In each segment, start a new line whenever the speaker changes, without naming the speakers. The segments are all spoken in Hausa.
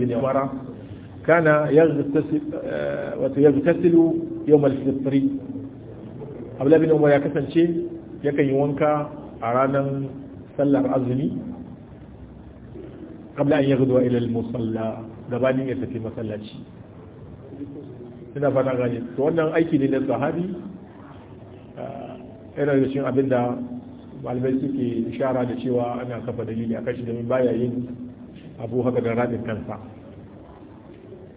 الوراء كان يغتسل ويغتسل يوم الفطر abla bin umar ya kasance yakan yi wanka a ranar sallar azumi kabla an yi zuwa ilal musalla gabanin ya tafi masallaci ina fata gane to wannan aiki ne na sahabi yana da cin abin da malamai suke shara da cewa ana kafa dalili a kashi domin baya yin abu haka da rabin kansa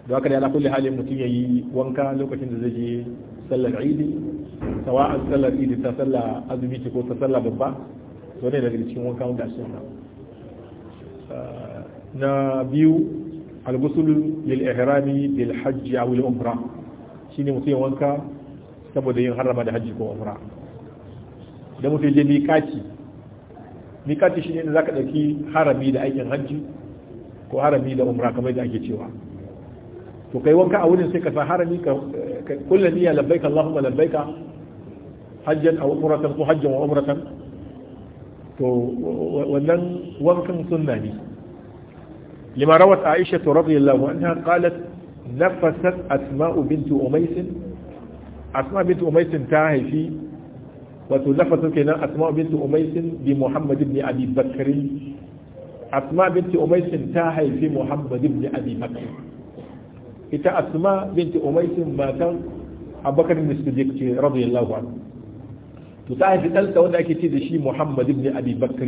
da haka da ala kulli halin mutum ya yi wanka lokacin da zai je sallar idi sawa a sallar idi ta sallar azumi ce ko ta sallar babba to ne daga cikin wanka wanda a sunna na biyu al-ghusl lil ihram bil hajj aw lil umrah shine mutum ya wanka saboda yin harama da hajji ko umra da mutum je Mikati Mikati shine da zaka dauki harami da aikin hajji ko harami da umra kamar da ake cewa to kai wanka a wurin sai ka sa harami ka kullu niyya labbaika allahumma labbaika hajjan aw umratan ko hajjan aw umratan to wannan wankan sunna ne lima rawat aisha radhiyallahu anha qalat nafasat asma bint umays asma bint umays ta haifi wato nafasat kenan asma bint umays bi muhammad ibn abi bakr asma bint umays ta haifi muhammad ibn abi bakr ita asma binti umaisin matan abubakar bin siddiq ce radiyallahu anhu to ta haifi ɗansa wanda ake ce da shi muhammad ibn abi bakr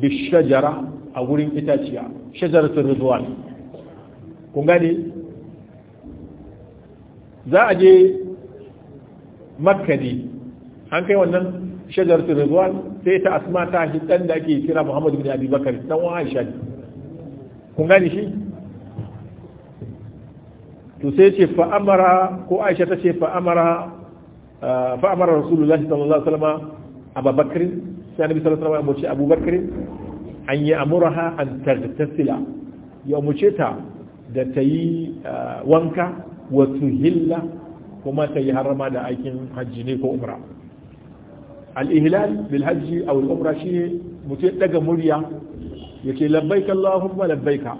bi shajara a wurin itaciya shajaratul ridwan kun gane za a je makka ne an kai wannan shajaratul ridwan sai ta asma ta haifi ɗan da ake kira muhammad ibn abi bakr dan wa aisha kun gane shi to sai ce fa'amara ko aisha ta ce fa'amara ah, fa'amara rasulullahi sallallahu alaihi wasallam abubakar sai annabi sallallahu alaihi wasallam ya abubakar an yi amuraha an tartasila ya muce ta da ta yi ah, wanka wasu hilla kuma ta yi harama da aikin hajji ne ko umra al'ihilal ihlal bil hajji aw al-umra shine mutum daga murya ya yake labbaika allahumma labbaika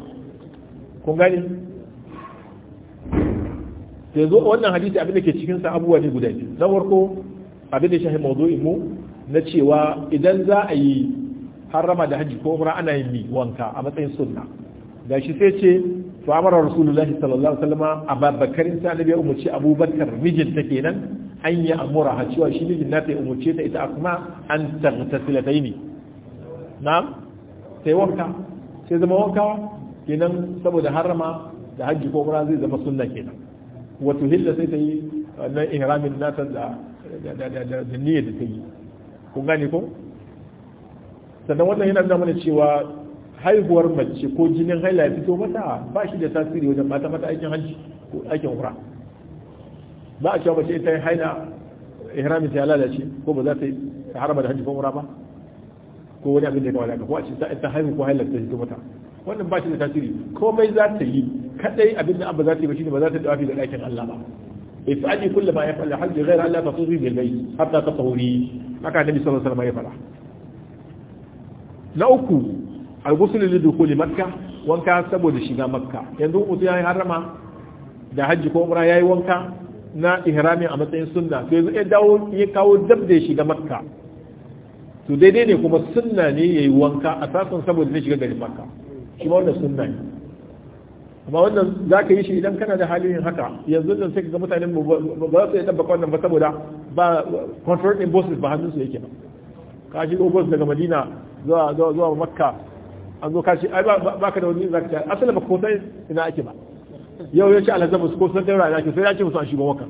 kun gani to yanzu wannan hadisi abin da ke cikin sa abubuwa ne guda biyu na farko abin da shahi mawdu'in mu na cewa idan za a yi harama da hajji ko umra ana yin wanka a matsayin sunna Da shi sai ce to amara rasulullahi sallallahu alaihi wasallam abubakar sai nabi ya umarci abubakar mijin ta kenan an yi amura ha cewa shi mijin ta ya umarce ta ita kuma an tartasila ne na'am sai wanka sai zama wanka kenan saboda harama da hajji ko umra zai zama sunna kenan wato hilla sai ta yi uh, na ihramin nata da da niyyar da ta yi kun gane ko sannan wannan yana nuna mana cewa haihuwar mace ko jinin haila ya fito mata ba shi da tasiri wajen mata mata aikin hajji ko aikin hura ba a cewa mace ita yi haina ihramin ta lalace ko ba za ta yi harama da hajji ko hura ba ko wani abin da ya da ko a ce ta haihu ko haila ta fito mata wannan ba shi da tasiri komai za ta yi kadai abin da abba za ta yi ba shine ba za ta tawafi ga dakin Allah ba ifadi kullu ma yaf'al hajj ghayra Allah tatufi bil bayt hatta tatahuri haka annabi sallallahu alaihi wasallam ya fara na uku al-ghusl lidukhuli makkah wanka saboda shiga makka yanzu mutum ya yi harama da hajji ko umra ya yi wanka na ihrami a matsayin sunna to yanzu ya dawo ya kawo dab da shiga makka to daidai ne kuma sunna ne ya yi wanka a sasan saboda ne shiga garin makka shi ma wannan sunna ne amma wannan za ka yi shi idan kana da halin yin haka yanzu nan sai ga mutanen ba su yi ɗabbaka wannan ba saboda ba control in bosses ba hannunsu yake ba ka shi ogos daga madina zuwa zuwa makka an zo kashi ai ba ka da wani za ka ta asali ba ko sai ina ake ba yau ya ce alhazabu su ko san daura ina ake sai ya ce musu an shigo maka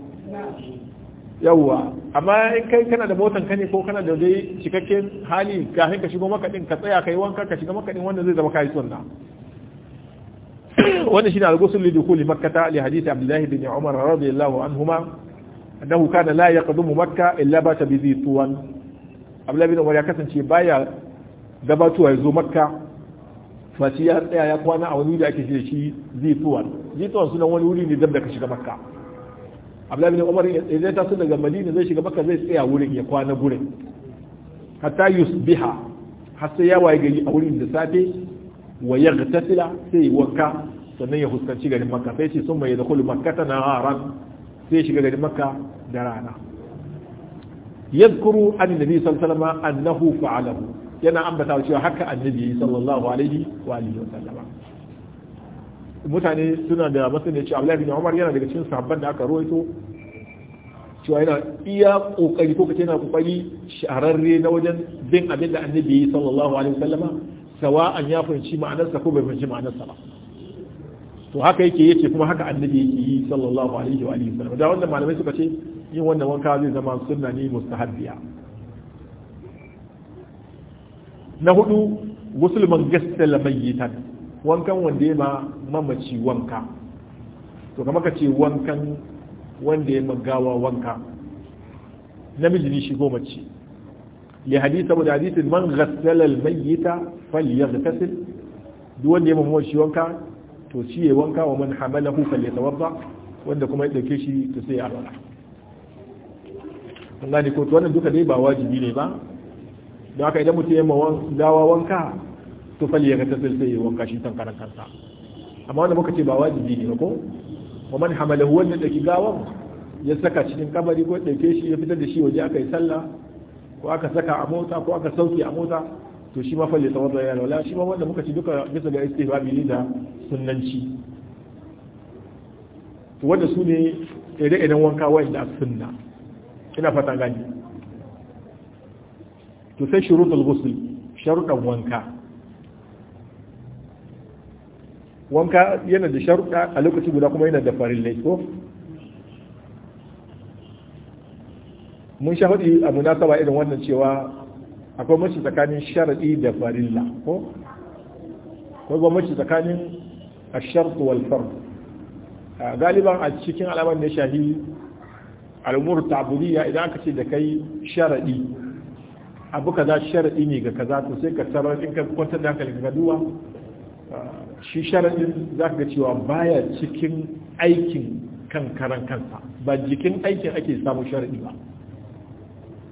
yawwa amma in kai kana da motan ka ne ko kana da dai cikakken hali kafin ka shigo maka din ka tsaya kai wanka ka shiga maka din wanda zai zama kai sunna wannan shi ne ghusl li dukhuli makkah li hadith abdullah ibn umar radiyallahu anhuma annahu kana la yaqdumu Makka, illa bata bi dhi tuwan Abdullahi bin umar ya kasance baya gabatuwa yazo Makka. fati ya tsaya ya kwana a wani da ake shi shi dhi tuwan dhi tuwan sunan wani wuri ne dab da ka shiga Makka. Abdullahi bin umar idan ta sun daga madina zai shiga Makka zai tsaya wurin ya kwana gurin hatta yusbiha har sai ya waye gari a wurin da safe wa gatasila sai wanka sannan ya fuskanci garin makka sai ce sun mai yadkhulu makkata ran sai shiga garin makka da rana yadhkuru an nabi sallallahu alaihi annahu fa'alahu yana ambata cewa haka annabi sallallahu alaihi wa alihi wasallama mutane suna da masaniya cewa Abdullahi bin Umar yana daga cikin sabon da aka rawaito cewa yana iya kokari ko kace yana kokari shahararre na wajen bin abin da annabi sallallahu alaihi wasallama sawa'an ya fahimci ma'anarsa ko bai fahimci ma'anarsa ba to haka yake yace kuma haka annabi yake yi sallallahu alaihi wa alihi wasallam da wannan malamai suka ce yin wannan wanka zai zama sunna ne mustahabbiya na hudu gusul man gassala mayyitan wankan wanda ya ma mamaci wanka to kamar ka ce wankan wanda ya magawa wanka namiji ne shi ko mace لحديث hadisi saboda hadisin man ghassala al-mayyita falyaghtasil duk wanda ya mamu shi wanka to shi ya wanka wa kuma ya shi to sai ya ko to wannan duka dai ba wajibi ne ba don haka idan mutum ya ma gawa wanka to falyatasil sai ya wanka shi san karan kansa amma wanda muka ce ba wajibi ne ko wa gawan ya saka cikin kabari ko ɗauke shi ya fitar da shi waje aka yi sallah ko aka saka a mota ko aka sauke a mota to shi ma falle tsawon da yana wala shi ma wanda muka ci duka bisa ga babi ne da sunanci. wanda su ne ire-iren wanka wanda da sunna ina fata gani to sai rufin gusul sharuɗan wanka wanka yana da sharuɗa a lokaci guda kuma yana da farin ko mun sha hudu a munasaba irin wannan cewa akwai mace tsakanin sharaɗi da farilla ko akwai ba mace tsakanin a shartu wal galiban a cikin alamar da shahi al'umur ta'budiyya idan aka ce da kai sharaɗi abu kaza sharaɗi ne ga kaza to sai ka tarar in ka kwantar da hankali ga duwa shi za ka ga cewa baya cikin aikin kan karan kansa ba jikin aikin ake samun sharaɗi ba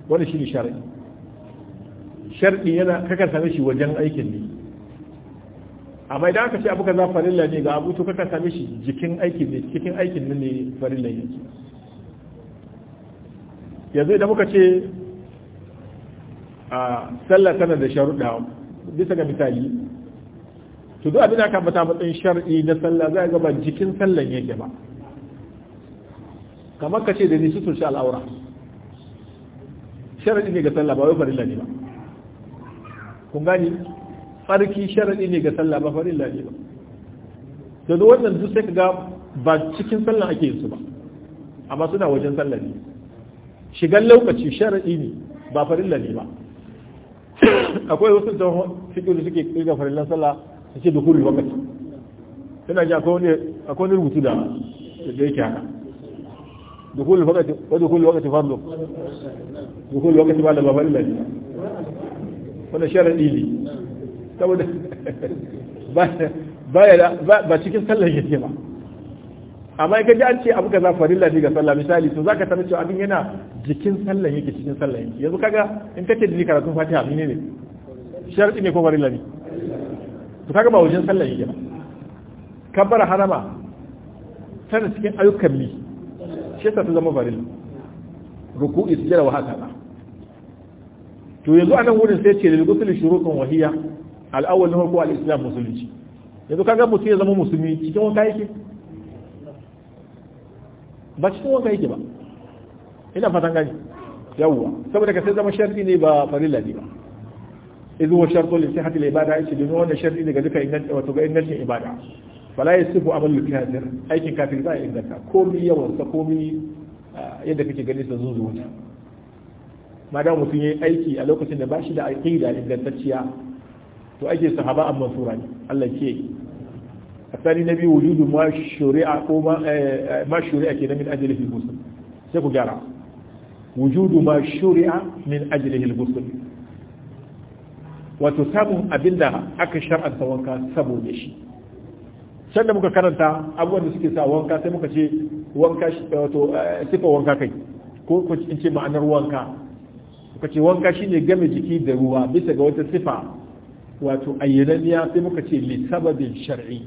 wani shi ne shari'i shari'i yana kakan same shi wajen aikin ne amma idan aka ce abu kaza farilla ne ga abu to kakan same shi jikin aikin ne cikin aikin nan ne farilla yake yanzu idan muka ce a sallah tana da sharuɗa bisa ga misali to duk abin da aka mata matsayin shar'i na sallah za a gaba jikin sallan yake ba kamar ka ce da ni sutur shi al'aura sharadi ne ga sallah ba wai farilla ne ba kun gani farki sharadi ne ga sallah ba farilla ne ba to duk wannan duk sai ga ba cikin sallah ake yin su ba amma suna wajen sallah ne shigan lokaci sharadi ne ba farilla ne ba akwai wasu da suke da suke kirga farilla sallah su ce duhuri wakati suna ji akwai wani rubutu da da yake haka دخول الوقت ودخول الوقت فضله دخول الوقت بعد ما فضل ولا با ne saboda ba cikin sallar yake ba amma kaji an ce abu kaza farilla ne ga sallah misali to zaka tabbata cewa abin yana jikin sallar yake cikin sallar yake yanzu kaga in kace da karatu Fatiha ne ne sharadi ne ko farilla ne to kaga ba wajen sallar yake ba kabbara harama tana cikin ayyukan mi shi ta zama farilla ruku'i sujjada wa haka ba to yanzu a nan wurin sai ce lilgusul shurutun wahiya al-awwal na farko al'islam musulunci yanzu kaga mutum ya zama musulmi cikin wanka yake ba cikin wanka yake ba ina fatan gani yawwa saboda ka sai zama sharti ne ba farilla ne ba idan wa shartu li sihhati al-ibada ce domin wannan sharti ne ga duka inganta wato ga ingancin ibada fala yasifu ya kafir aikin kafin ba ya inganta komai yawansa, sa komai yadda kake gani sa zuzuwa madan mutum yayi aiki a lokacin da ba bashi da aqida ingantacciya to ake sahaba amma sura ne Allah ke A tsari na biyu wujudu ma shuri'a ko ma eh, eh, shuri'a kenan min ajlihi muslim sai ku gyara wujudu ma shuri'a min ajlihi muslim wato samun abinda aka shar'anta wanka saboda shi can da muka karanta abubuwan da suke sa wanka sai muka ce wanka wato eh, sifa wanka kai ko ko in ce ma'anar wanka muka ce wanka shine game jiki da ruwa bisa ga wata sifa wato ayyananniya sai muka ce li sababin shar'i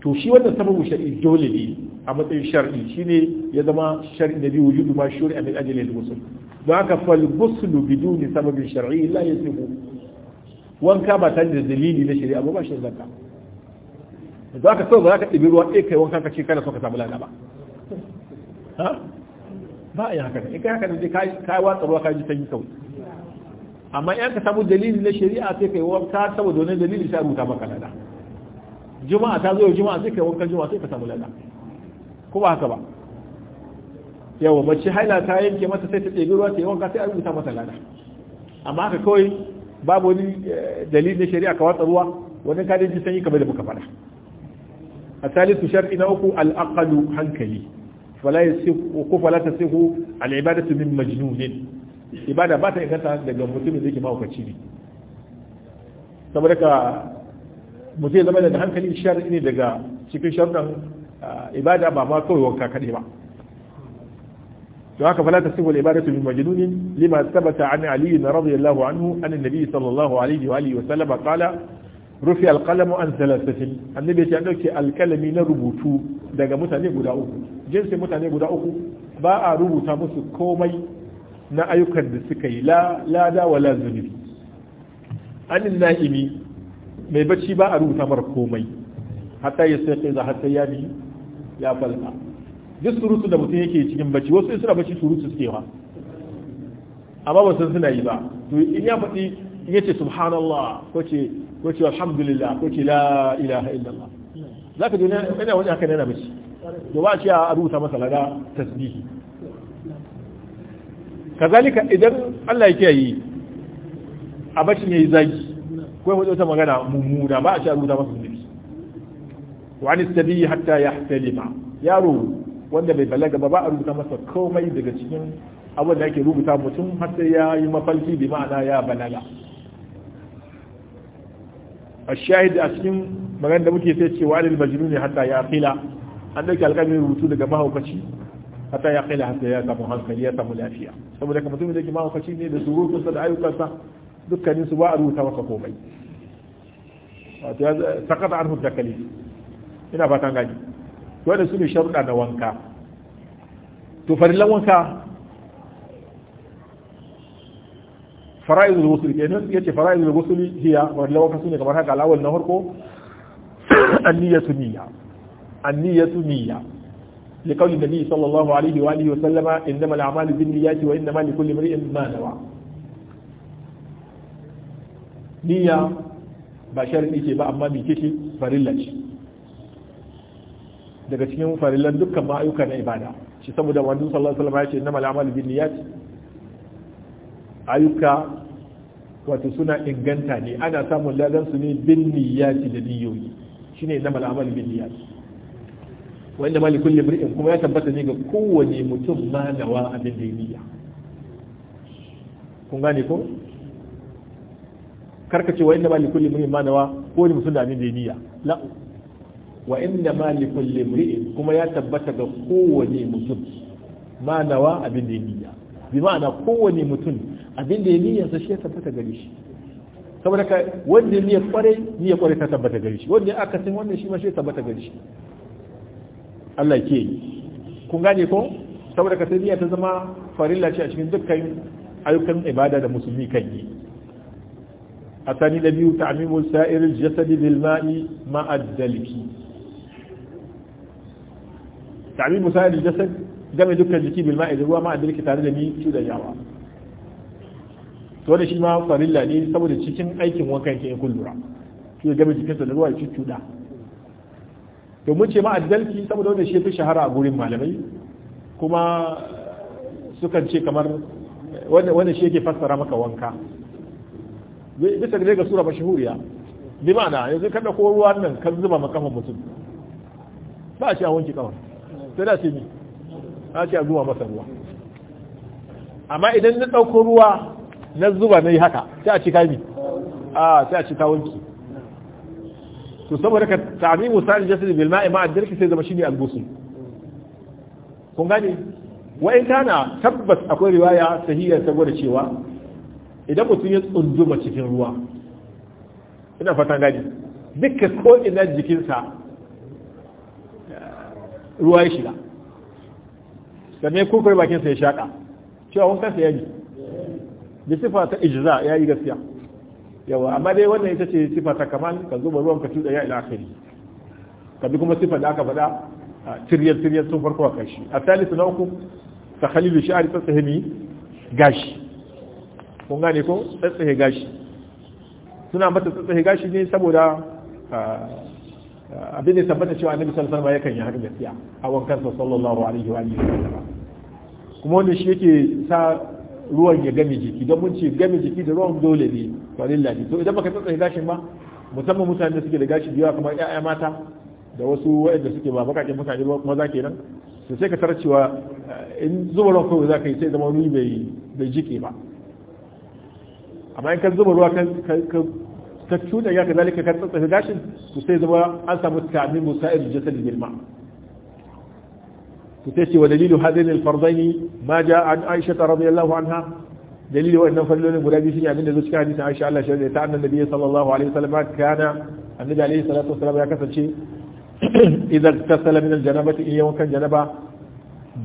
to shi wannan sababu shar'i dole ne a matsayin shar'i shine ya zama shar'i da bi wujudu ma shuri min ajli da ghusl don haka fal ghusl biduni sababin shar'i la yasihu wanka ba tare da dalili na shari'a ba ba shi zakka za ka sau za ka ɗibi ruwa ɗaya kai wankan ka ce kana so ka samu lada ba ba a yi haka ne in kai haka ne ka yi watsa ruwa ka ji sanyi kawai amma yan ka samu dalili na shari'a sai kai wanka saboda wani dalili sai rubuta maka lada juma'a ta zo juma'a sai kai wanka juma'a sai ka samu lada ko ba haka ba yawa mace haila ta yanke mata sai ta ɗebi ruwa ta yi wanka sai a rubuta mata lada amma haka kawai babu wani eh, dalilin shari'a ka watsa ruwa wani kadin ji sanyi kamar da muka faɗa الثالث شرط نوكو الأقل هنكلي فلا يصح ولا تصح العبادة من مجنون ibada ba ta inganta daga mutumin da yake mahaukaci ne saboda ka mutum zama da hankali shar ne daga cikin sharɗan ibada ba ma kawai wanka kaɗai ba to haka fala ta sibul ibadatu min majnunin lima thabata an ali radiyallahu anhu an annabi rufi alƙalamu an salasatin annabi ya ɗauke alƙalami na rubutu daga mutane guda uku jinsi mutane guda uku ba a rubuta musu komai na ayyukan da suka yi lada wa la zunubi anin na'imi mai bacci ba a rubuta mara komai hatta ya sai kai za hatta ya bi ya falka duk surutu da mutum yake cikin bacci wasu suna bacci surutu suke ma amma ba san suna yi ba to in ya faɗi in yace subhanallah ko ce ko ce alhamdulillah ko ce la ilaha illallah za ka ne ina wani aka nena bace. da ba shi a rubuta masa laga tasbihi kazalika idan Allah yake yi a bace ne zagi ko wani wata magana mummuna ba a shi a rubuta masa zunubi wa an istabi hatta yahtalima yaro wanda bai balaga ba ba a rubuta masa komai daga cikin abin da yake rubuta mutum har sai ya yi mafalki bi ma'ana ya balaga a shahid a cikin magana da muke sai cewa alil majnun hatta ya qila an dauki alƙalmin rubutu daga mahaukaci hatta ya qila hatta ya samu hankali ya samu lafiya saboda kamar mutumin da ke mahaukaci ne da surutunsa da ayyukansa dukkanin su ba a rubuta masa komai wato ya sakata an hudda kalif ina fatan gani wanda ne sharuɗa na wanka to farillan wanka fara'izul wusul nan yace fara'izul wusul hiya wannan wakati ne kamar haka alawal na farko an-niyyatu niyya niyya لقول النبي صلى الله عليه وآله وسلم إنما الأعمال بالنيات وإنما لكل امرئ ما نوى نية بشر amma بقى أما بيكيشي فريلاش daga cikin farillan dukkan ma'ayyuka na ibada shi saboda wanda sallallahu alaihi wasallam ya ce innamal a'malu binniyat ayyuka wato suna inganta ne ana samun ladan su ne bin niyyati da niyyoyi shine na mal'amal bin niyyati wanda mali kulli mri'in kuma ya tabbata ne ga kowane mutum ma nawa abin da niyya kun gane ko karka ce wa inna mali kulli mri'in ma nawa kowane mutum da abin da niyya la wa inna mali kulli mri'in kuma ya tabbata ga kowane mutum ma nawa abin da niyya bi ma'ana kowane mutum abin da ya sa shi ya tabbata gare shi saboda ka wanda niyyar kwarai niyyar kwarai ta tabbata gare shi wanda aka san wannan shi ma shi ya tabbata gare shi Allah ke kun gane ko saboda ka sai niyya ta zama farilla ce a cikin dukkan ayyukan ibada da musulmi kan yi الثاني الذي تعميم سائر الجسد بالماء مع الدلك تعميم سائر الجسد جمع دكا الجسد بالماء إذا dalki tare da ni shi da دجاوة to da shi ma farilla ne saboda cikin aikin wankan ke kun lura shi ya gami jikinsa da ruwa ya cuccuɗa to mun ce ma addalki saboda wanda shi ya fi shahara a gurin malamai kuma sukan ce kamar wanda shi yake fassara maka wanka bisa ga ga sura mashahuriya bi ma'ana yanzu kada ɗauko ruwa nan kan zuba makafan mutum ba a ce a wanke kawai sai da ce ni a ce a zuba masa ruwa amma idan na ɗauko ruwa na zuba na yi haka sai a ci kami a sai a ci wanki to saboda ka ta'amimu musali jasiri bil ma'i ma'a jirki sai zama shine al-ghusl kun gane wa in kana tabbas akwai riwaya sahiha ta gwada cewa idan mutum ya tsunduma cikin ruwa ina fatan gani duka ko ina jikinsa ruwa ya shiga sannan kurkur bakinsa ya shaƙa cewa wankan ya ne da sifa ta ijza ya yi gaskiya yawa amma dai wannan ita ce sifa ta kamal ka zuba ruwan ka tuda ya ila akhiri ka bi kuma sifa da aka faɗa tiryar tiryar sun farko a kashi. a talisu na uku ta khalilu shi'ari tsatsahimi gashi kun gane ko tsatsahe gashi suna mata tsatsahe gashi ne saboda abin da tabbata cewa annabi sallallahu alaihi wasallam yakan yi haka gaskiya a wankan sa sallallahu alaihi wa alihi kuma wanda shi yake sa ruwan ya game jiki don mun ce game jiki da ruwan dole ne farilla ne to idan baka tsotsa gashin ba musamman mutane da suke da gashi da kamar ƴaƴa mata da wasu waɗanda suke ba bakakin mutane ba maza kenan to sai ka tarar cewa eh, in zuba ruwan kawai za yi sai zama ruwi bai bai jike ba amma in ka zuba ruwa ka ka cuɗa ya ka zalika ka tsotsa gashin to sai zama an samu ta'min musa'ir jasad bil ma' تتشي ودليل هذين الفرضين ما جاء عن عائشة رضي الله عنها دليل وأن فلون مرادسين من ذلك حديث عائشة الله شهد يتعنى النبي صلى الله عليه وسلم كان النبي عليه الصلاة والسلام يكسل شيء إذا اغتسل من الجنبة إن يوم كان جنبا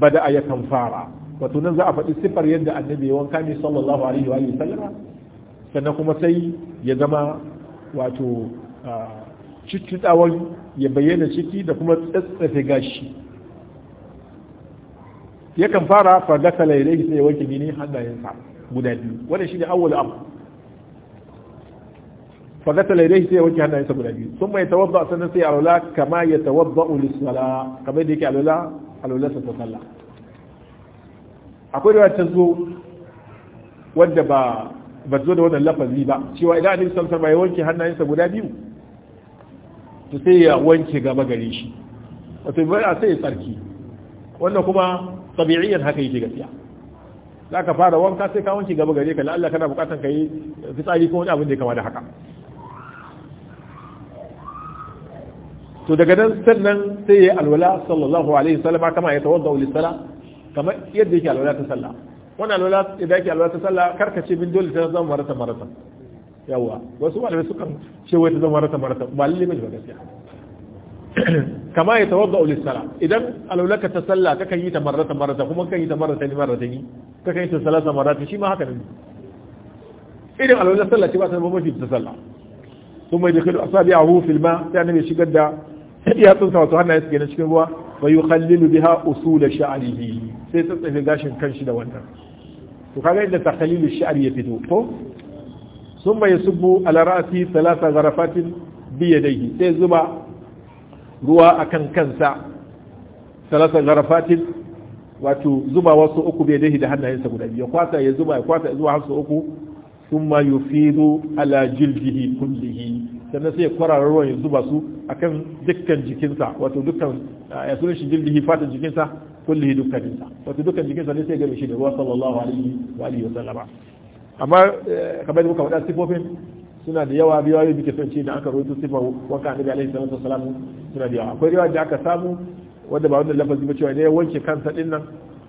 بدأ يكنفارا وتنزع فالسفر يد النبي وكان صلى الله عليه وآله وسلم سنقوم سي يدما واتو آه شتشت أول يبين شكي دكما تسفه gashi yakan fara fa gasala ilayhi sai ya wanke gini hannayensa guda biyu wannan shine awwal amr fa gasala ilayhi sai ya wanke hannayensa guda biyu thumma yatawadda sannan sai alwala kama ya tawadda lis-sala kamar da yake alwala alwala sa ta sallah akwai riwaya ta zo wadda ba ba zo da wannan lafazi ba cewa idan annabi sallallahu alaihi wasallam ya wanke hannayensa guda biyu to sai ya wanke gaba gare shi wato bai a sai ya tsarki wannan kuma tabi'iyan haka yake gaskiya za ka fara wanka sai ka wanke gaba gare ka la'alla kana bukatan ka yi fitsari ko wani abin da ya kama da haka to daga nan sannan sai ya alwala sallallahu alaihi wasallam kama ya tawadda li sala kamar yadda yake alwala ta sallah wannan alwala idan yake alwala ta sallah karka ce min dole ta zama marata marata yawa wasu malamai sukan ce wai ta zama marata marata ba lalle ba gaskiya kama ya tawadda ulis sala idan alulaka ta salla kakan yi ta marrata marrata kuma kakan yi ta marrata ni marrata ni kakan yi ta salata marrata shi ma haka ne idan alulaka salla ce ba ta mafi ta salla sun mai dukkan a fil ma sai annabi shigar da ya sa wato hannaye suke na cikin ruwa wa yukhallilu biha usul sha'rihi sai tsatsafe gashin kan shi da wannan to kaga inda ta takhlilu sha'ri ya fito ko sun mai subbu ala ra'si thalatha gharafatin bi yadayhi sai zuba ruwa akan kansa salasa garafatin wato zuba wasu uku bai dahi da hannayensa guda biyu kwasa ya zuba ya kwasa zuwa har uku sun ma yufidu ala jildihi kullihi sannan sai ya ruwan ya zuba su akan dukkan jikinsa wato dukkan eh, ya sunan shi jildihi fatan jikinsa kullihi dukkaninsa wato dukkan jikinsa ne sai gami shi da ruwa sallallahu alaihi wa sallama amma eh, kamar da muka faɗa sifofin suna da yawa riwayoyi muke son ce da aka rawaito sifa wanka annabi alaihi salatu salamu suna da yawa akwai riwaya da aka samu wanda ba wannan lafazi ba cewa ne wanke kansa din nan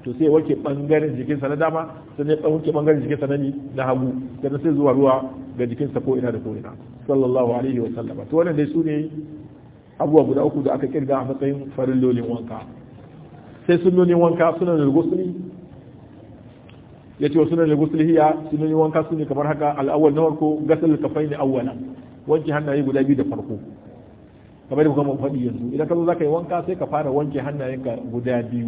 to sai wanke bangaren jikinsa na dama sai ya wanke bangaren jikinsa na ni na hagu sannan sai zuwa ruwa ga jikinsa ko ina da ko ina sallallahu alaihi wa sallama to wannan dai sune abubuwa guda uku da aka kirga a matsayin farin lolin wanka sai sun sunnonin wanka suna da ghusli ya ce wasu da guslihiya sunan wanka su ne kamar haka al'awwal na farko da kafai ne awwala wanke hannaye guda biyu da farko kamar da kuma faɗi yanzu idan ka zo zaka yi wanka sai ka fara wanke hannayenka guda biyu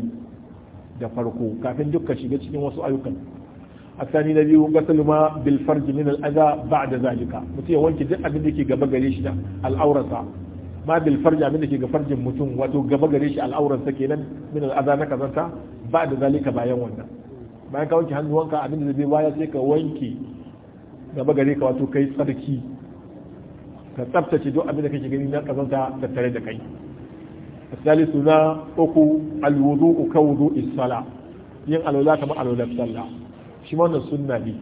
da farko kafin duk ka shiga cikin wasu ayyukan tsani na biyu gasar ma bil farji min al'aza ba da zalika mutum ya wanke duk abin da ke gaba gare shi da al'aurarsa ma bil farji abin da ke ga farjin mutum wato gaba gare shi al'aurarsa kenan min al'aza na kazanta da zalika bayan wannan bayan ka wanke hannuwanka abin da zai baya sai ka wanke gaba gare ka wato kai tsarki ka tsaftace duk abin da kake gani na kazanta tattare da kai misali suna uku alwudu ka wudu isala yin alwala kama alwala sallah shi ma wannan sunna ne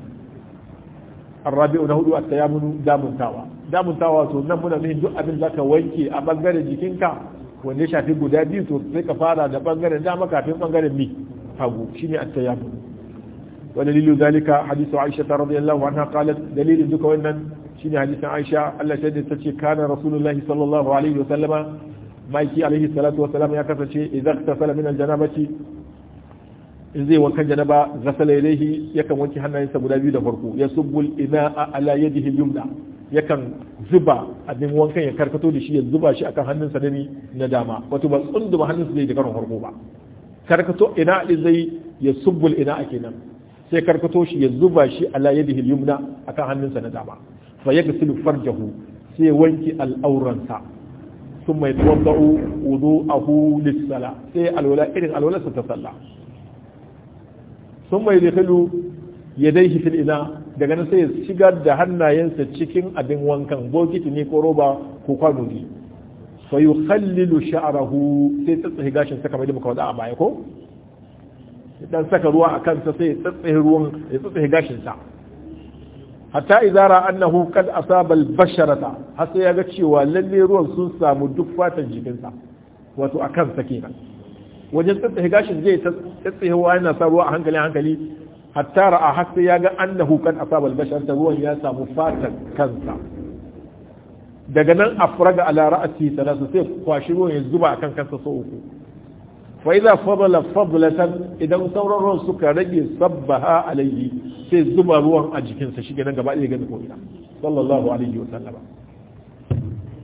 arrabi'u na hudu at-tayammunu damuntawa damuntawa to nan muna nuna duk abin ka wanke a bangaren jikinka wanda ya shafi guda biyu to sai ka fara da bangaren dama kafin bangaren mi hagu shine at-tayammunu ودليل ذلك حديث عائشة رضي الله عنها قالت دليل ذلك وإن شين حديث عائشة الله ta كان رسول الله صلى الله عليه وسلم مايكي عليه الصلاة والسلام يكفر شيء إذا اغتسل من الجنابة in zai wankan janaba ghasala yadayhi yakan wanke hannayensa guda biyu da farko ya subbul ina'a ala yadihi yumna yakan zuba abin wankan ya karkato da shi ya zuba shi akan hannunsa da ni na dama wato ba tsunduma hannunsa zai da karon farko ba karkato ina zai ya kenan sai karkato shi ya zuba shi a ala yadihi yumna kan hannunsa na dama fa yaghsilu jahu sai wanki al'auransa sun mai ba'u tuwadda'u a hulis sala sai alwala irin alwalarsa ta sallah sun mai ya dai fil ina daga nan sai ya shigar da hannayensa cikin abin wankan bokiti ne ko roba ko kwano ne fa yukhallilu sha'arahu sai tsatsa gashin sa kamar da muka wada a baya ko Idan dan saka ruwa a kansa sai ya tsatsaye ruwan ya tsatsaye gashinsa hatta izara annahu kad asaba albasharata har sai ya ga cewa lalle ruwan sun samu duk fatan jikinsa wato a kansa kenan wajen tsatsaye gashin zai tsatsaye ruwa yana sa ruwa a hankali hankali hatta ra'a har sai ya ga annahu kad asaba albasharata ruwan ya samu fatan kansa daga nan afraga ala ra'ati salasa sai kwashi ruwan ya zuba akan kansa sau uku fa idza fadala fadlatan idan sauran suka rage sabbaha alaihi sai zuba ruwan a jikinsa shi kenan gaba ɗaya ga ko ina sallallahu alaihi wa sallama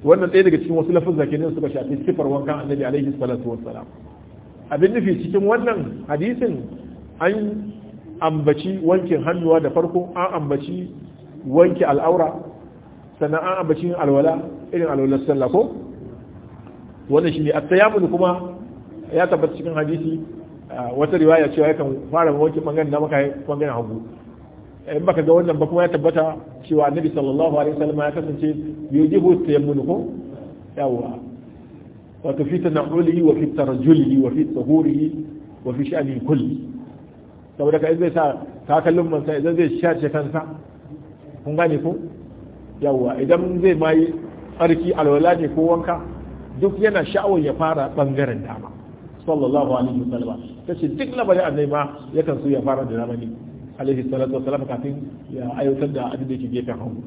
wannan ɗaya daga cikin wasu lafazza kenan suka shafi sifar wankan annabi alaihi salatu wassalam abin nufi cikin wannan hadisin an ambaci wankin hannuwa da farko an ambaci wanke al'aura sannan an ambaci alwala irin alwalar sallah ko wannan shi ne at-tayammum kuma ya tabbata cikin hadisi wata riwaya cewa yakan fara wanke bangaren da kai bangaren hagu in baka ga wannan ba kuma ya tabbata cewa annabi sallallahu alaihi wasallam ya kasance yujibu tayammunuhu yawa wa fi tanawulihi wa fi tarjulihi wa fi tahuri wa fi sha'ni kulli saboda ka zai sa takallin mansa idan zai shace kansa kun gane ko yawa idan zai mai tsarki alwala ne ko wanka duk yana sha'awar ya fara bangaren dama sallallahu alaihi wasallam tace duk labarin annabi ma yakan so ya fara da ramani alaihi salatu wasallam kafin ya aiwatar da abin da yake gefen hagu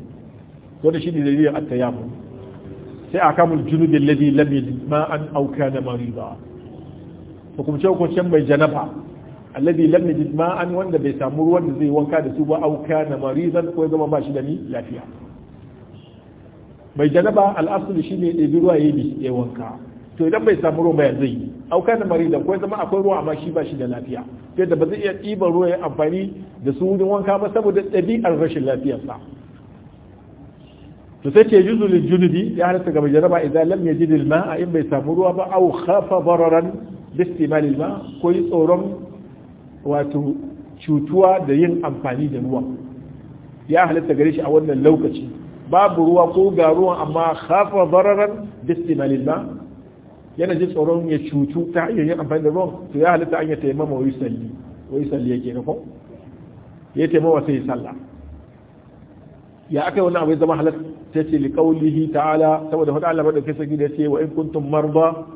to da shi ne dalilin at-tayammum sai akamul junubi alladhi ma an ma'an aw mari ba. hukumce hukumcen mai janaba alladhi lam yajid ma'an wanda bai samu ruwan da zai wanka da su ba aw kana maridan ko zama ba shi da ni lafiya mai janaba al-asl shine ɗebi ruwa yayi bi wanka to idan bai samu ruwa yanzu yi auka da mari da ko zama akwai ruwa amma shi ba shi da lafiya sai da ba zai iya ɗiban ruwa ya amfani da su wurin wanka ba saboda ɗabi'ar rashin lafiyarsa to sai ce juzul junubi ya halatta ga majaraba idan lam yajid al a in bai samu ruwa ba au hafa dararan bi ma ko yi tsoron wato cutuwa da yin amfani da ruwa ya halatta gare shi a wannan lokaci babu ruwa ko ga ruwa amma hafa dararan bi ma yana jin tsoron ya cutu ta hanyar yin amfani da ruwan to ya halitta an ya taimama wa salli wa salli yake ko ya taimama sai ya salla ya aka yi wannan abu zama halatta ta ce li qaulihi ta'ala saboda hada Allah madaukakin sarki da ce wa in kuntum marba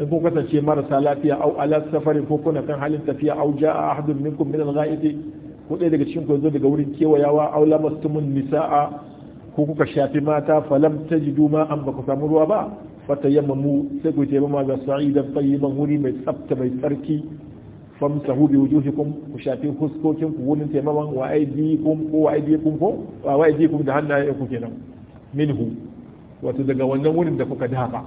in kun kasance marasa lafiya au ala ko kuna kan halin tafiya au ja'a ahadun minkum min al-gha'iti ko ɗaya daga cikin ku zo daga wurin kewayawa au lamastumun nisa'a ko kuka shafi mata falam tajidu ma an ba ku samu ruwa ba fata yammamu sai ku ce ma ga sa'idan tayyiban wuri mai tsafta mai tsarki famsahu bi wujuhikum ku shafi huskokin ku wurin taimaman wa aydikum ko wa aydikum ko wa aydikum da hannaye ku kenan minhu wato daga wannan wurin da kuka dafa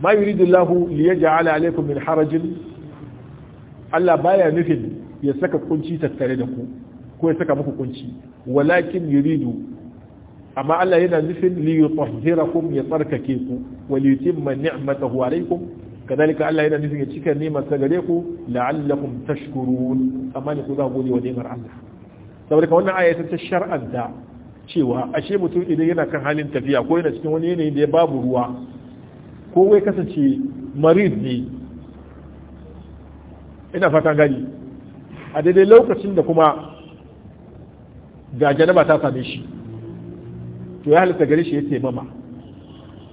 ma yuridu Allah li yaj'ala alaykum min harajin Allah baya nufin ya saka kunci tattare da ku ko ya saka muku kunci walakin yuridu amma Allah yana nufin li yutahhirakum ya tsarkake ku wa li yutimma ni'matahu alaykum kadalika Allah yana nufin ya cika ni'mar sa gare ku la'allakum tashkurun amma ne ku za ku wa ni'mar Allah saboda ka wannan ayata ta shar'anta cewa ashe mutum idan yana kan halin tafiya ko yana cikin wani yanayi da ya babu ruwa ko wai kasance marid ne ina fatan gani a daidai lokacin da kuma ga janaba ta same shi to ya halatta gare shi ya taimama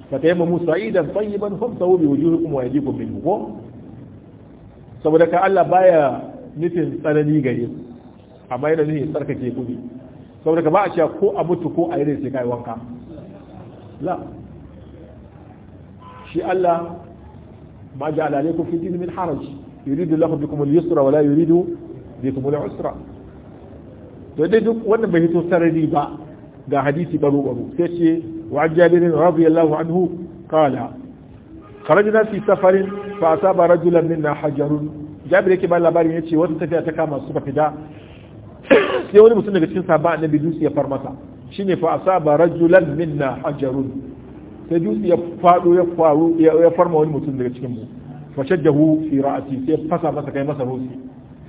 fa tayammamu sa'idan tayyiban famsahu bi wujuhikum wa aydikum minhu ko saboda ka Allah baya nufin tsanani gare ku amma yana nufin tsarkake ku ne saboda ka ba a cewa ko a mutu ko a yi rai sai kai wanka la shi Allah ma ja'ala alaykum fi din min haraj yuridu lahu bikum al-yusra wa la yuridu bikum al-usra to dai duk wannan bai hito sarari ba ga hadisi baro baro sai ce wa an jabirin radiyallahu anhu qala kharajna fi safarin fa asaba rajulan minna hajarun jabir yake ba labarin yace wata tafiya ta kama suka fita sai wani mutum daga cikin sahaba annabi dutse ya far masa shine fa asaba rajulan minna hajarun sai dutse ya fado ya faru ya farma wani mutum daga cikin mu fa shajjahu fi ra'si sai fasa masa kai masa rusi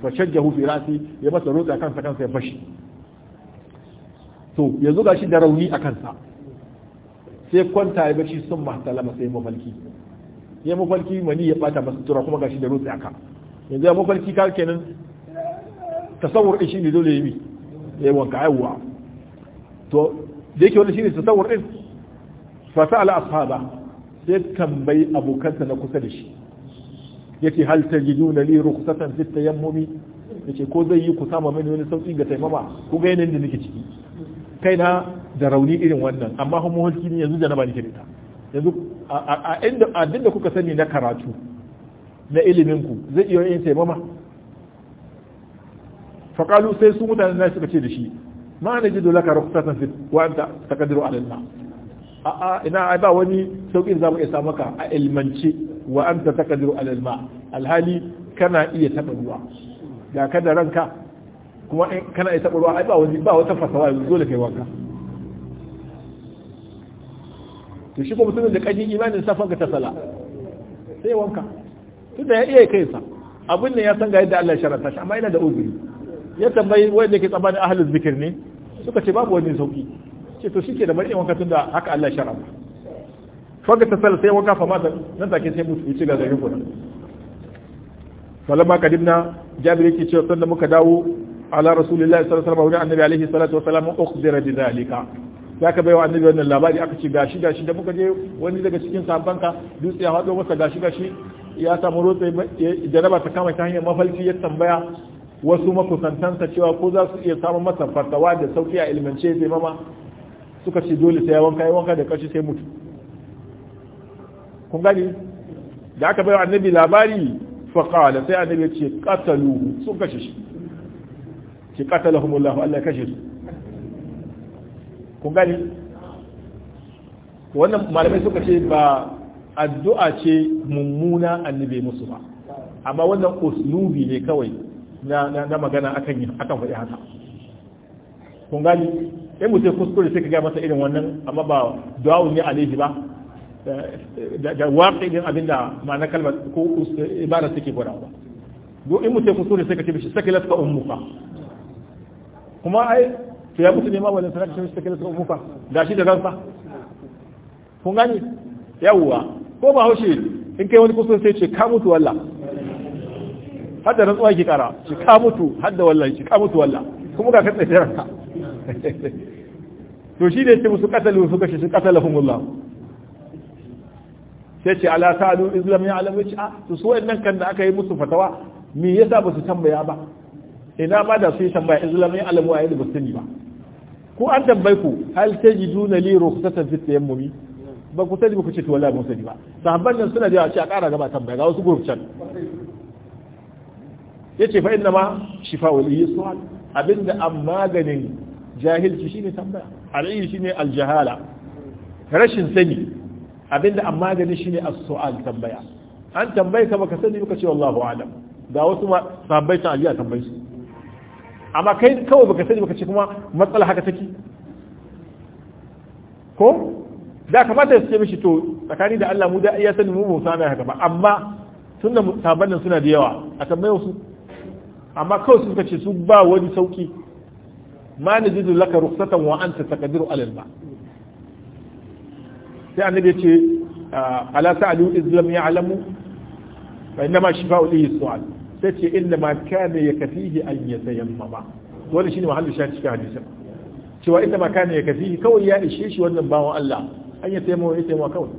fa shajjahu fi ra'si ya masa rusi akan sa kansa ya fashi to yanzu gashi da rauni a kansa sai kwanta ya bashi sun mahtalama sai mafalki ya mafalki mani ya bata masu tura kuma gashi da rutsi aka yanzu ya mafalki ka kenan tasawur din ne dole yi yayi wanka yawa to da yake shi ne tasawur din fa sa'ala ashaba sai tambayi abokansa na kusa da shi yace hal tajiduna li rukhsatan fi tayammumi yace ko zai yi kusa sama mini wani sauki ga taimama ko ga yanayin da nake ciki kaina da rauni irin wannan amma hulki ne yanzu da na bani kirita yanzu a inda a da kuka sani na karatu na ilimin ku zai iya yin taimama faqalu sai su mutane na suka ce da shi ma na jido laka rukhsatan fi wa anta taqdiru ala Allah A ina ai ba wani saukin zamu iya samu ka a ilmanci wa anta taqdiru ala Allah alhali kana iya taɓa ga kada ranka kuma in kana isa ruwa ai ba wani ba wata fasawa yanzu dole kai wanka to shi ko mutumin da kajin imanin safan ka ta sala sai wanka da ya iya kai sa abin ne ya san ga yadda Allah ya sharanta shi amma yana da uzuri ya tambayi wanda ke tsabani ahlul zikir ne suka ce babu wani sauki ce to ke da bari wanka tunda haka Allah ya sharanta fanga ta sala sai wanka fa mata nan take sai mutu ci ga garin kuna falamma kadimna jabir yake cewa sannan muka dawo ala rasulillahi sallallahu alaihi wasallam wurin annabi alaihi salatu wasallam ukhbira bi zalika zaka bai wa annabi wannan labari aka ce gashi gashi da muka je wani daga cikin sabanka dutse ya hado masa gashi gashi ya samu da jaraba ta kama ta hanyar mafalci ya tambaya wasu makusantansa cewa ko za su iya samun masa fatawa da sauki a ilmance zai mama suka ce dole sai wanka ya wanka da ƙarshe sai mutu kun gani da aka bai wa annabi labari faqala sai annabi ya ce qataluhu sun kashe shi ki qatalahumullahu Allah kashe su kun gani wannan malamai suka ce ba addu'a ce mummuna annabi musu ba amma wannan usnubi ne kawai na na magana akan yi akan faɗi haka kun gani in mutum kuskure sai ka ga masa irin wannan amma ba du'a ne alaihi ba da waƙi din abinda ma na kalmar ko ibara take gwada ba do in mutum kuskure sai ka ce bishi sakilat ka ummuka kuma ai to ya mutu ne ma wajen sanar shi suka su kuka shi da gansa kun gani yawwa ko ba haushe in kai wani kusa sai ce ka mutu walla. har da rantsuwa ki kara ci ka mutu har da wallahi ka mutu walla. kuma ga kan tsayar ka to shi ne ce musu katalu su kashe shi katalahumullah sai ce ala sa'adu islam ya alamu ci a ah, to su wayannan kan da aka yi musu fatawa me yasa ba su tambaya ba ina ma da su yi tambaya in zulamin alamu a yadda ba sani ba ko an tambayi ku hal tajiduna li rukhsatan fi tayammumi ba ku sani ba ku ce to wallahi mun sani ba sahabban nan suna da ce a ƙara gaba tambaya ga wasu group can yace fa inna ma shifa shifa'ul yusal abinda an maganin jahilci shine tambaya al'i shine aljahala rashin sani abinda an maganin shine as-su'al tambaya an tambaye ka baka sani ka ce wallahu alam ga wasu sahabbai ta aliya tambayi su amma kai kawai baka sani baka ce kuma matsala haka take ko da kamata su ce mishi to tsakani da Allah mu da iya sani mu ba mai haka ba amma tun da suna da yawa a tambayar su amma kawai suka ce su ba wani sauki ma na jizu laka ruksatan wa anta taqdiru alal ba sai annabi ya ce ah, ala sa'alu iz lam ya'lamu fa inma shifa'u li su'al ta ce inda ma kana ya kafihi an ya tayammama wani shine mahallin shafi cikin hadisin cewa inda ma kana ya kafihi kawai ya ishe shi wannan bawan Allah an ya tayammama ya tayammama kawai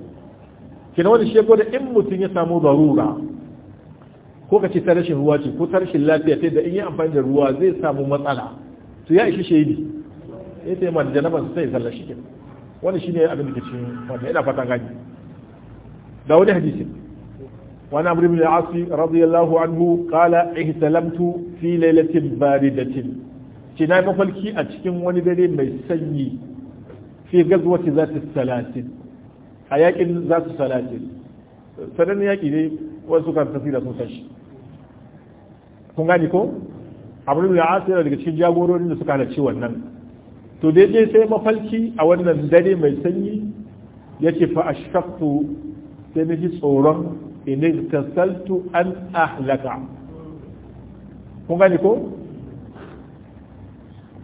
kina wani shi ko da in mutum ya samu darura ko ka ce ta rashin ruwa ce ko ta rashin lafiya ta da in yi amfani da ruwa zai samu matsala to ya ishe shi ya tayammama da janaban sai sallar shi kenan wani shine abin da ke cikin wannan ina fatan gani da wani hadisin وعن عمرو بن العاص رضي الله عنه قال احتلمت في ليلة باردة كنا مفلكي أتكم وندري ميسني في غزوة ذات السلاسل حياك ذات السلاسل sanan yaƙi ne wasu kan tafi da sun sashi kun gani ko abu da asu yana daga cikin jagororin da suka halarci wannan to dai sai mafalki a wannan dare mai sanyi ya ce fa ashkaftu sai na ji tsoron in igtasaltu an ahlaka kun gani ko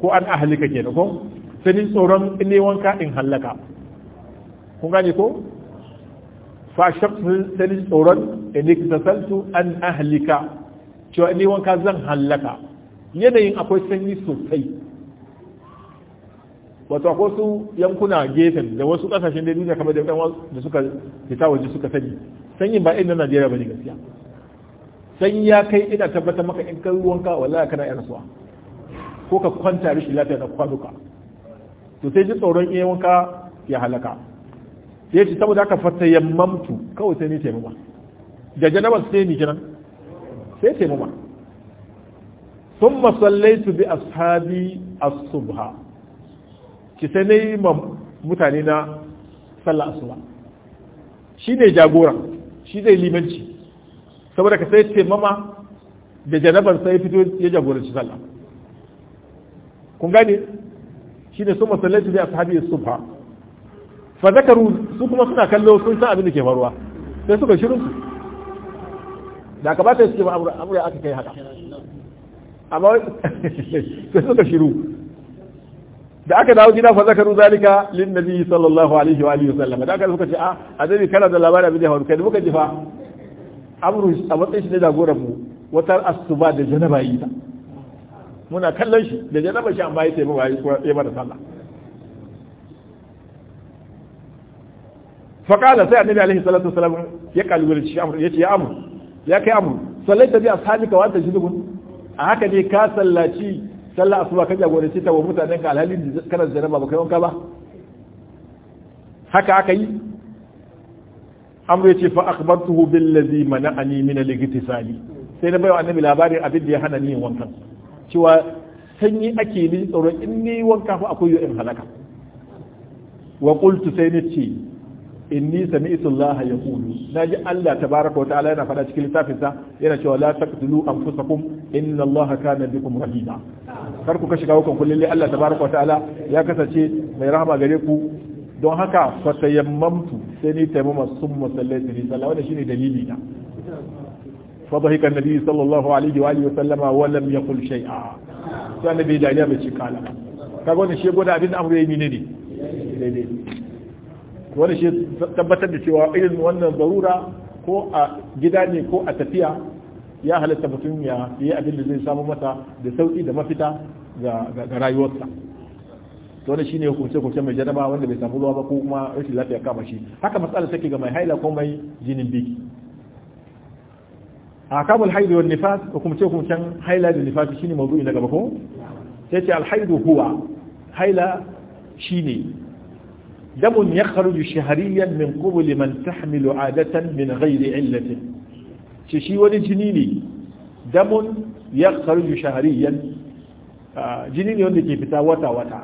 ko an ahlika kenan ko sai tsoron in ne wanka in halaka kun gani ko fa shaqsu sai ni tsoron in igtasaltu an ahlika cewa in ne wanka zan hallaka? yanayin akwai sanyi sosai wato akwai wasu yankuna gefen da wasu kasashen da duniya kamar da yan da suka fita waje suka sani sanyin ba inda na Najeriya bane gaskiya sanyi ya kai ina tabbatar maka in kai ruwanka wallahi kana yan suwa ko ka kwanta rashin lafiya da kwaduka to sai ji tsoron iya wanka ya halaka sai ce saboda aka fata yammamtu kawai sai ni taimama da janabar sai ni kiran sai taimama sun masallaitu bi ashabi as-subha ki sai na yi ma mutane na sallah asuba shi ne jagora shi zai limanci saboda ka sai ce mama da janaban sai fito ya jagoranci sallah kun gane shi ne su masallatu da ashabi subha fa zakaru su kuma suna kallo sun san abin da ke faruwa sai suka shirin su da ka ba ta ce ba amurya aka kai haka amma sai suka shiru da aka dawo gida fa zakaru zalika lin nabi sallallahu alaihi wa alihi wasallam da aka suka ce a ah, annabi kana da labarin abin da faru kai muka ji fa amru a matsayin shi ne jagoran mu wata asuba da janaba yi ta muna kallon shi da janaba shi amma ya sai ba ya bada da sallah fa qala sai annabi alaihi salatu wasallam ya kalwuri shi amru yace ya amru ya kai amru sallaita bi ashabika wa anta junubun a haka ne ka sallaci a asuba ka jagoranci ta wa mutanen ka alhalin kana janaba ba kai wanka ba haka aka yi ya ce fa akhbartuhu billazi mana'ani min al-igtisali sai na baiwa annabi labarin abin da ya hana ni wanka cewa sanyi ake ni tsoron in ni wanka fa akwai yin halaka wa qultu sai ni ce inni sami'tu Allah yaqulu naji Allah tabaaraka wa ta'ala yana fada cikin littafinsa yana cewa la taqtulu anfusakum inna Allah kana bikum rahima kar ku kashi gawo kan Allah tabaaraka wa ta'ala ya kasance mai rahama gare ku don haka fa tayammamtu sai ni tayammama summa sallaitu li sallah wannan shine dalili na fa annabi sallallahu alaihi wa alihi wa sallama wa lam yaqul shay'a sai annabi da ya bace kala kaga wannan shi goda abin da amru yayi ne ne
daidai
wani shi tabbatar da cewa irin wannan zarura ko a gida ne ko a tafiya ya halitta mutum ya yi abin da zai samu mata da sauki da mafita ga rayuwarsa to shi ne hukunce hukunce mai jaraba wanda bai samu ruwa ba ko kuma rashin lafiya kama shi haka matsala take ga mai haila ko mai jinin biki akamul haidu wal nifas hukunce hukuncen haila da nifas ne mazu'i na gaba ko sai ce alhaidu huwa haila ne. دم يخرج شهريا من قبل من تحمل عادة من غير علة شي ولي جنيني دم يخرج شهريا جنيني wanda ke fita wata wata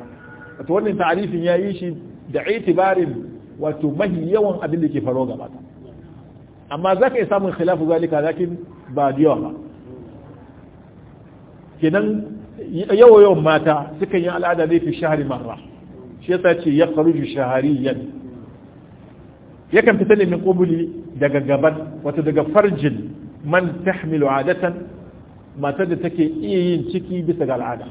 wato wannan ta'arifin yayi shi da itibarin wato mahi yawan abin da ke faro gaba amma zaka iya samun khilafu galika lakin ba diyawa ba kenan yawa mata sukan yi al'ada zai fi shahri marra shi yasa ce ya kharuju shahariyan kan fita ne min qubuli daga gaban wato daga farjin man tahmilu adatan matar da take iya yin ciki bisa ga al'ada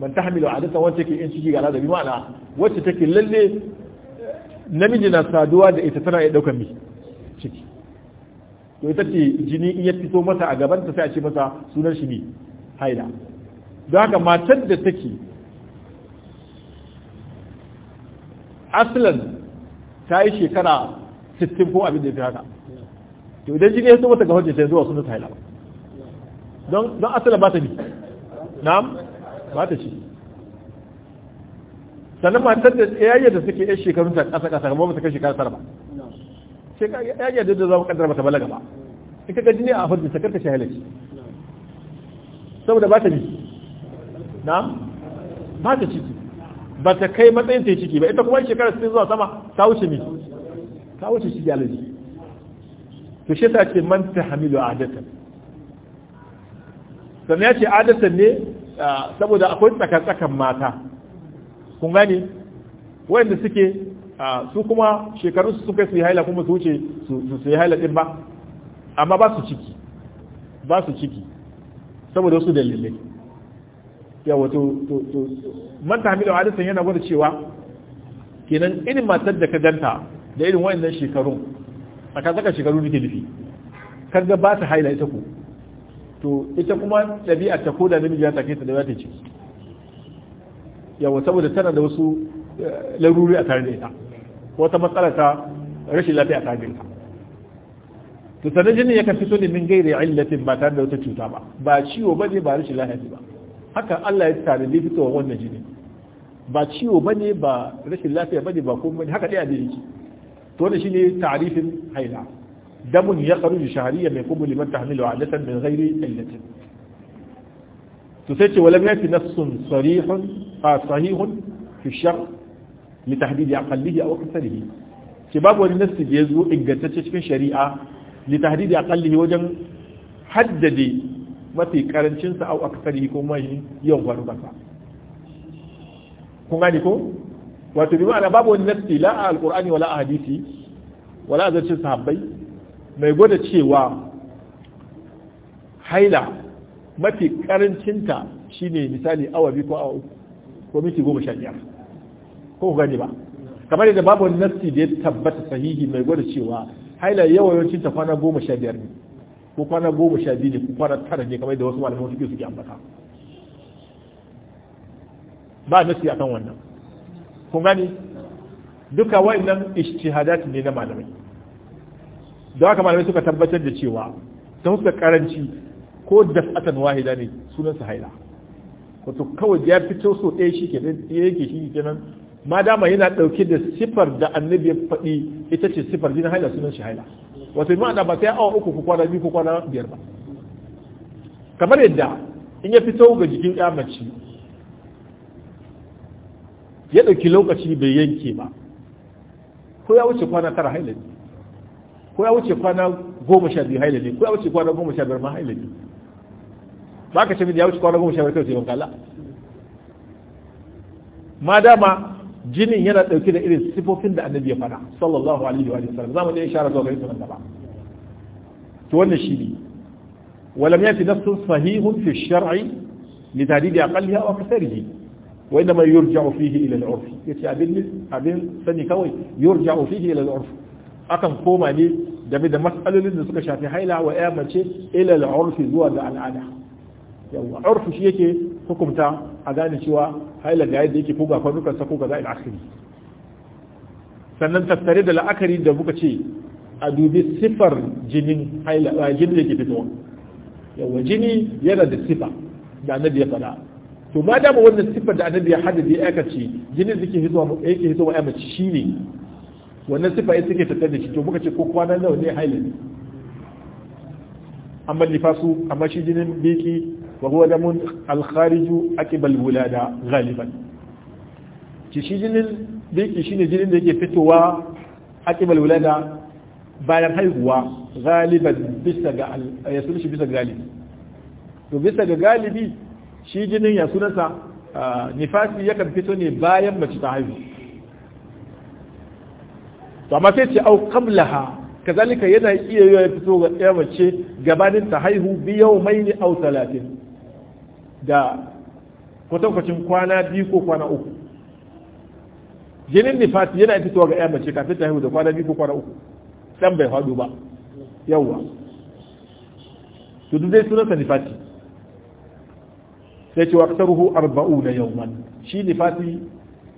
man tahmilu adatan wacce take yin ciki ga al'ada bi ma'ana wacce take lalle namiji na saduwa da ita tana iya daukar mi ciki to ita ce jini in ya fito mata a ta sai a ce mata sunan shi ne haila don haka matar da take aslan ta yi shekara 60 ko abin da ya fi haka to idan jini ya so wata ga hujjar sai zuwa sunan tahila don don aslan ba ta bi na'am ba ta ci sannan matar da yayyar da suke yan shekarun ta kasa kasa ba ta kai shekara tara ba yayyar da za mu kaddara mata balaga ba in ka jini a hujjar sakar ka shahalaci saboda ba ta bi na'am ba ta ci. ba ta kai matsayin ta ciki ba ita kuma shekarar sun zuwa sama ta wuce mi ta wuce shi alaji to shi ta ce man ta hamilu adatan sannan ya ce adatan ne saboda akwai tsakatsakan tsakan mata kun gani wanda suke su kuma shekarun su suka su yi haila kuma su wuce su su yi haila din ba amma ba su ciki ba su ciki saboda wasu dalilai yawa to to to man tahmil wa yana gwada cewa kenan irin matar da ka ganta da irin wayannan shekarun aka saka shekaru nake nufi kaga ba ta haila ita ko to ita kuma ɗabi'a ta koda namiji ya take ta da za ce ci yawa saboda tana da wasu eh, laruri a tare da ita wata matsala ta rashin lafiya a tare da ita to sanar jini yakan fito ne min gairi illatin ba tare da wata cuta ba ba ciwo ba ne ba rashin lafiya ba haka Allah ya tanadi fitowar wannan jini ba ciwo bane ba rashin lafiya bane ba kuma bane haka daya da yake to wannan shine ta'rifin haila damun ya kharuju shahriyan yaqumu liman tahmilu 'adatan min ghairi illatin to sai ce walam yati nassun sarihun fa sahihun fi shar li tahdid aqallihi aw aktharihi ce babu wani nassi da ya zo ingantacce cikin shari'a li tahdid aqallihi wajen haddade mafi karancin sa au aksari ko mai yawan wani masa kun gani ko wato bi ma'ana babu wani nasti la a alqur'ani wala a hadisi wala a zancin sahabbai mai gwada cewa haila mafi karancinta shine misali awa biyu ko awa uku ko miti goma sha biyar ko ku gani ba kamar yadda babu wani nasti da ya tabbata sahihi mai gwada cewa haila yawancin ta kwana goma sha biyar ne ko kwana goma sha biyu ne ko kwana tara ne kamar da wasu malamai suke suke ambata ba nasi akan wannan kun gani duka wa'annan ishtihadat ne na malamai da haka malamai suka tabbatar da cewa ta huska karanci ko fatan wahida ne sunan su haila wato kawai ya fito so ɗaya shi ke nan yake shi ke nan ma dama yana ɗauke da siffar da annabi ya faɗi ita ce siffar jinin haila sunan shi haila wato ma da ba sai awa uku ko kwana biyu ko kwana biyar ba kamar yadda in ya fito ga jikin ya mace ya ɗauki lokaci bai yanke ba ko ya wuce kwana tara haila ne ko ya wuce kwana goma sha biyu haila ne ko ya wuce kwana goma sha biyar ma haila ne ba ka ce ya wuce kwana goma sha biyar kai sai ban kala ma dama jinin yana ɗauke da irin sifofin da annabi ya faɗa sallallahu alaihi wa sallam zamu ne ishara zuwa gare su nan gaba to wannan shine walam yati nafsun sahihun fi shar'i li tadidi aqalliha wa kasarihi wa inma yurja'u fihi ila al-urf yati abin abin sani kawai yurja'u fihi ila al-urf akan koma ne da da matsalolin da suka shafi haila wa ya mace ila al zuwa ga al'ada yawa urf shi yake hukumta a gane cewa hailar da yadda yake koga kwanukan sa koga za'in akari sannan tattare da la'akari da muka ce a dubi siffar jinin hailar jini da ke fitowa yawa jini yana da siffa da annabi ya faɗa to ma dama wannan siffar da annabi ya da ya aikace jinin da ke fitowa yake fitowa ya mace shine wannan siffa ya suke tattare da shi to muka ce ko kwanan nawa ne hailar amma nifasu amma shi jinin biki wa huwa damun alkhariju akibal wulada ghaliban ki shi jinin da yake shine jinin da fitowa akibal wulada bayan haihuwa ghaliban bisa ga ya sunan shi bisa galibi to bisa ga galibi shi ya sunansa nifasi yakan fito ne bayan mace ta haihu to amma sai ce au qablaha kazalika yana iya ya fito ga ɗaya mace gabanin ta haihu bi mai ne au talatin da kwatankwacin kwana biyu ko kwana uku jinin nifasi yana fitowa ga 'ya mace kafin ta haihu da kwana biyu ko kwana uku dan bai faɗo ba yawwa to duk dai sunansa nifasi sai ce arba'u arba'una yawman shi nifasi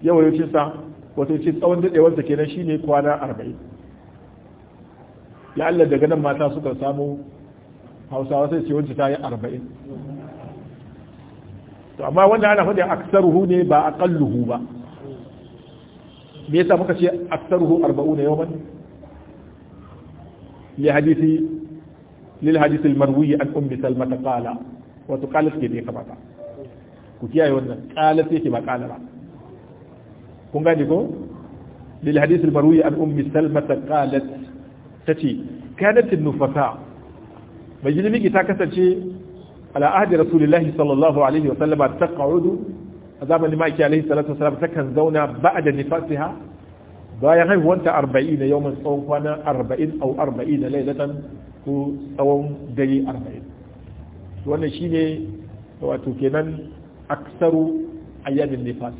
yau cinsa wato ce tsawon nan kenan ne kwana arba'in. ya Allah daga nan mata suka samu Hausawa sai ce wancan ta yi arba'in to amma wanda ana aksar aksaruhu ne ba aqalluhu ba me yasa muka ce aksaruhu 40 yawman li hadisi lil hadisi al marwi an ummi salma qala wa to qalat ke ne kamata ku kiyaye wannan qalat ke ba qala ba kun gane ko lil hadisi al marwi an ummi salma qalat tace kanat an nufasa majlimi ta kasance ala ahdi rasulillahi sallallahu alaihi wa sallama taq'udu a zamanin maki alaihi salatu wasallam takan zauna ba'da nifasiha bayan haihuwanta arba'in na yawon tsawon kwana arba'in au arba'in na lailatan ko tsawon dare arba'in wannan shi ne wato kenan aksaru ayyamin nifas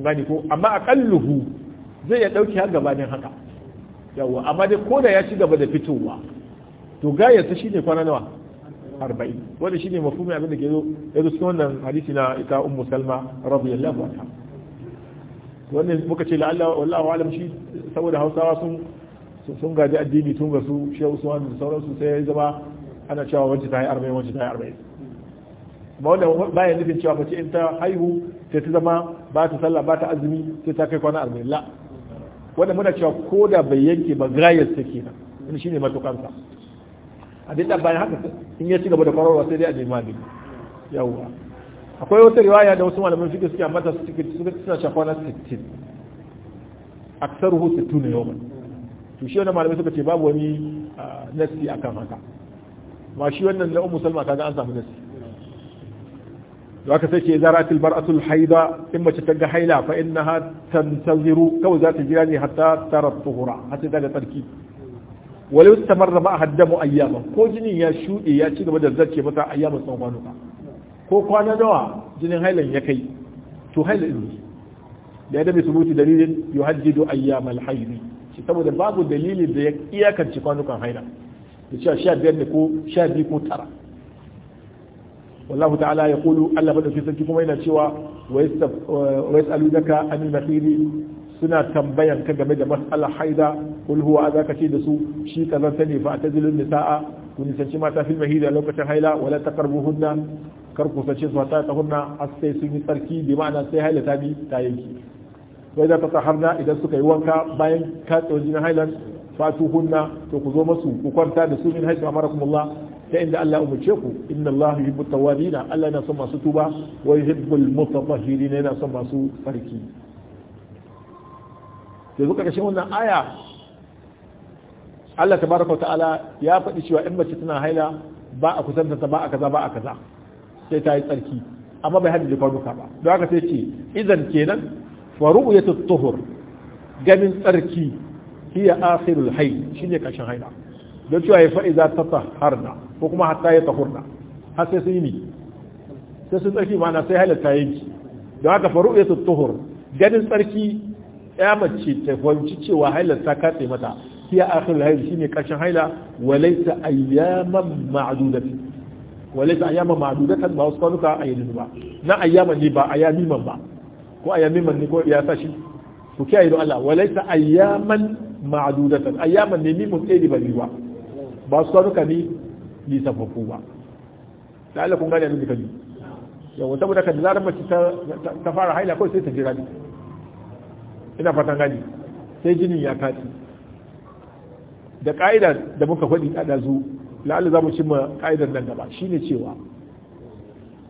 gani ko amma akalluhu zai ya dauki har gabanin haka yawa amma dai ko da ya ci gaba da fitowa to gayarsa shi ne kwana nawa arba'in wanda shine mafhumin abin da ke zo ya zo cikin wannan hadisi na ita ummu salma radiyallahu anha wannan muka ce la'alla wallahu alam shi saboda hausawa sun sun gaji addini tun ga su shehu usman da sauransu sai ya zama ana cewa wanci ta yi arba'in wanci ta yi arba'in ba wanda bayan nufin cewa mace in ta haihu sai ta zama ba ta sallah ba ta azumi sai ta kai kwana arba'in la wanda muna cewa ko da bai yanke ba gayyar ta kenan wani shine matukansa abin da bayan haka in ya ci gaba da kwararwa sai dai a nema bi yawwa akwai wata riwaya da wasu malamin fiƙi suke mata suka suna shafa na aksar aksaruhu 60 na yau to shi wannan malamai suka ce babu wani nasi akan haka ma shi wannan na Musulma salma ga an samu nasi da aka sai ce zaratil bar'atul haida in mace ta ga haila fa innaha tantaziru kawai za ta jira ne hatta tara tuhura har sai ta ga tsarki walau da ma haddamu ayyama ko jinin ya shuɗe ya ci gaba da zarce masa ayyama tsawon kwanuka ko kwana nawa jinin hailan ya kai to hailan ne da ya su subuti dalilin yuhaddidu ayyamal haili shi saboda babu dalilin da ya iyakance kwanukan haila da cewa sha biyar ne ko sha biyu ko tara wallahu ta'ala ya kulu Allah fi sarki kuma yana cewa wa daka anil mahiri suna tambayan ka game da mas'alar haida kul huwa za ka ce da su shi ka zan ne fa atazilun nisaa ku nisanci mata fil mahida lokacin haila wala taqrabuhunna kar ku sace su ta tahunna har sun yi tsarki bi ma'ana sai haila ta bi ta yanki wai da taharna idan suka yi wanka bayan ka tsoji na hailan fatuhunna to ku zo masu ku kwanta da su min haisu amarakumullah ta inda Allah umarce ku inna Allah yuhibbu tawwabina Allah yana son masu tuba wa yuhibbul mutatahhirin yana son masu tsarki da zuka kashin wannan aya Allah tabaraka ta'ala ya faɗi cewa in mace tana haila ba a kusanta ta ba a kaza ba a kaza sai ta yi tsarki amma bai haddace kwanuka ba don haka sai ce izan kenan wa ya tuttuhur. ganin tsarki hiya akhirul hayl shine kashin haila don cewa ya fa idza tatahharna ko kuma hatta ya tahurna har sai sun yi sai sun tsarki ma'ana sai haila ta yanki don haka fa ya tuttuhur. ganin tsarki ya mace ta fahimci cewa haila ta katse mata akwai haila shi ne ƙarshen haila a ayyaman ma'dudatan walaysa ayyaman ma'dudatan ba wasu kwanuka ayyadin ba na ayyaman ne ba miman ba ko ayyamiman ne ko ya sashi ku kiyaye don Allah walaysa ayyaman ma'dudatan ayyaman ne mimun tsere ba ba ba su kwanuka ne lisafaffu ba da Allah gani a abin da kaji yawon saboda ka da zarar mace ta fara haila kawai sai ta jira ne ina fatan gani sai jinin ya kati da ka'idar da muka faɗi a ɗazu la'alla za mu cimma ka'idar nan gaba shine cewa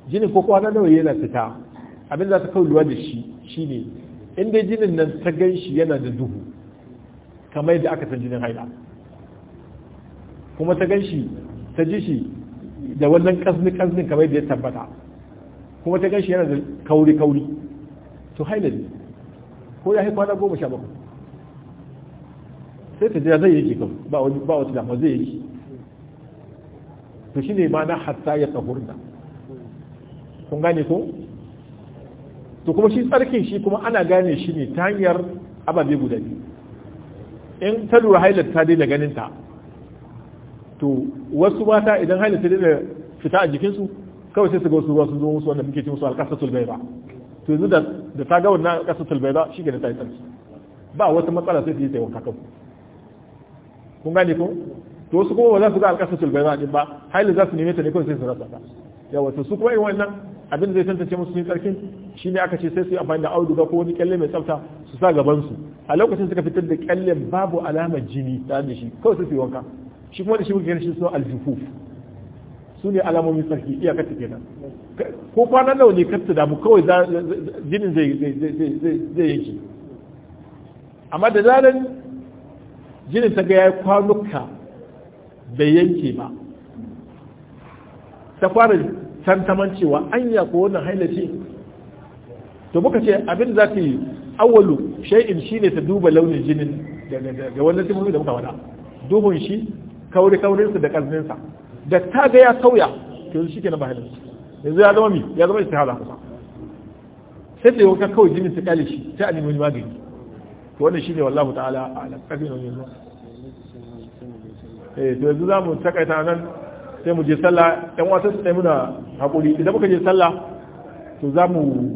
jinin ko kwana nawa yana fita abin za ta kawo luwa da shi shine ne inda jinin nan ta gan shi yana da duhu kamar yadda aka san jinin haila kuma ta gan shi ta ji shi da wannan kasni kasnin kamar yadda ya tabbata kuma ta gan shi yana da kauri kauri to haila ne ko ya yi kwana goma sha bakwai sai ta jira zai yake kan ba ba wata damuwa zai yake to shine ma na hatta ya da kun gane ko to kuma shi tsarkin shi kuma ana gane shi ne ta hanyar ababe guda biyu in ta lura hailar ta daina ganin ta to wasu mata idan hailar ta daina fita a jikinsu kawai sai su ga wasu ruwa sun zo musu wanda muke ci musu alƙasatul bai ba to yanzu da ta ga wannan kasar ba shi ke da ta yi tsarki ba wata matsala sai ta yi ta wanka kan kun gane ko to wasu kuma ba za su ga alƙasar tulbaida ɗin ba haili za su neme ta ne kawai sai su rasa ta yawa wata su kuma irin wannan abin zai tantance musu tsarki tsarkin ne aka ce sai su yi amfani da auduga ko wani kyalle mai tsafta su sa gaban su a lokacin suka fitar da kyallen babu alamar jini ta da shi kawai sai su yi wanka shi kuma da shi muke ganin shi suna aljufuf su ne alamomin sarki iyakar ta nan ko kwanan nawa ne kar damu kawai jinin zai yanki amma da zaran jinin ta ga ya kwanuka bai yanke ba ta fara tantaman cewa anya ko wannan hailashi to muka ce abin za ta yi awalu shi shine ta duba launin jinin da wannan sifofi da muka wada duhun shi kauri kaurinsa da ƙarfinsa da ta ga ya sauya to yanzu ke na bahilin yanzu ya zama mi ya zama istihada sai da yawon kawai jini su kyale shi sai a nemi magani to wannan shine wallahu ta'ala ala na wani yanzu eh to yanzu za mu takaita nan sai mu je sallah dan wasan sai muna haƙuri, idan muka je sallah to za mu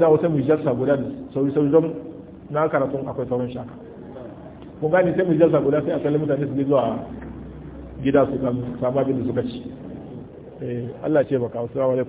dawo sai mu jalsa guda sauri sauri don na karatun akwai sauran shaka kun gane sai mu jarsa guda sai a sallama mutane su zuwa gida su samu abin da suka ci eh, Allah ce baka assalamu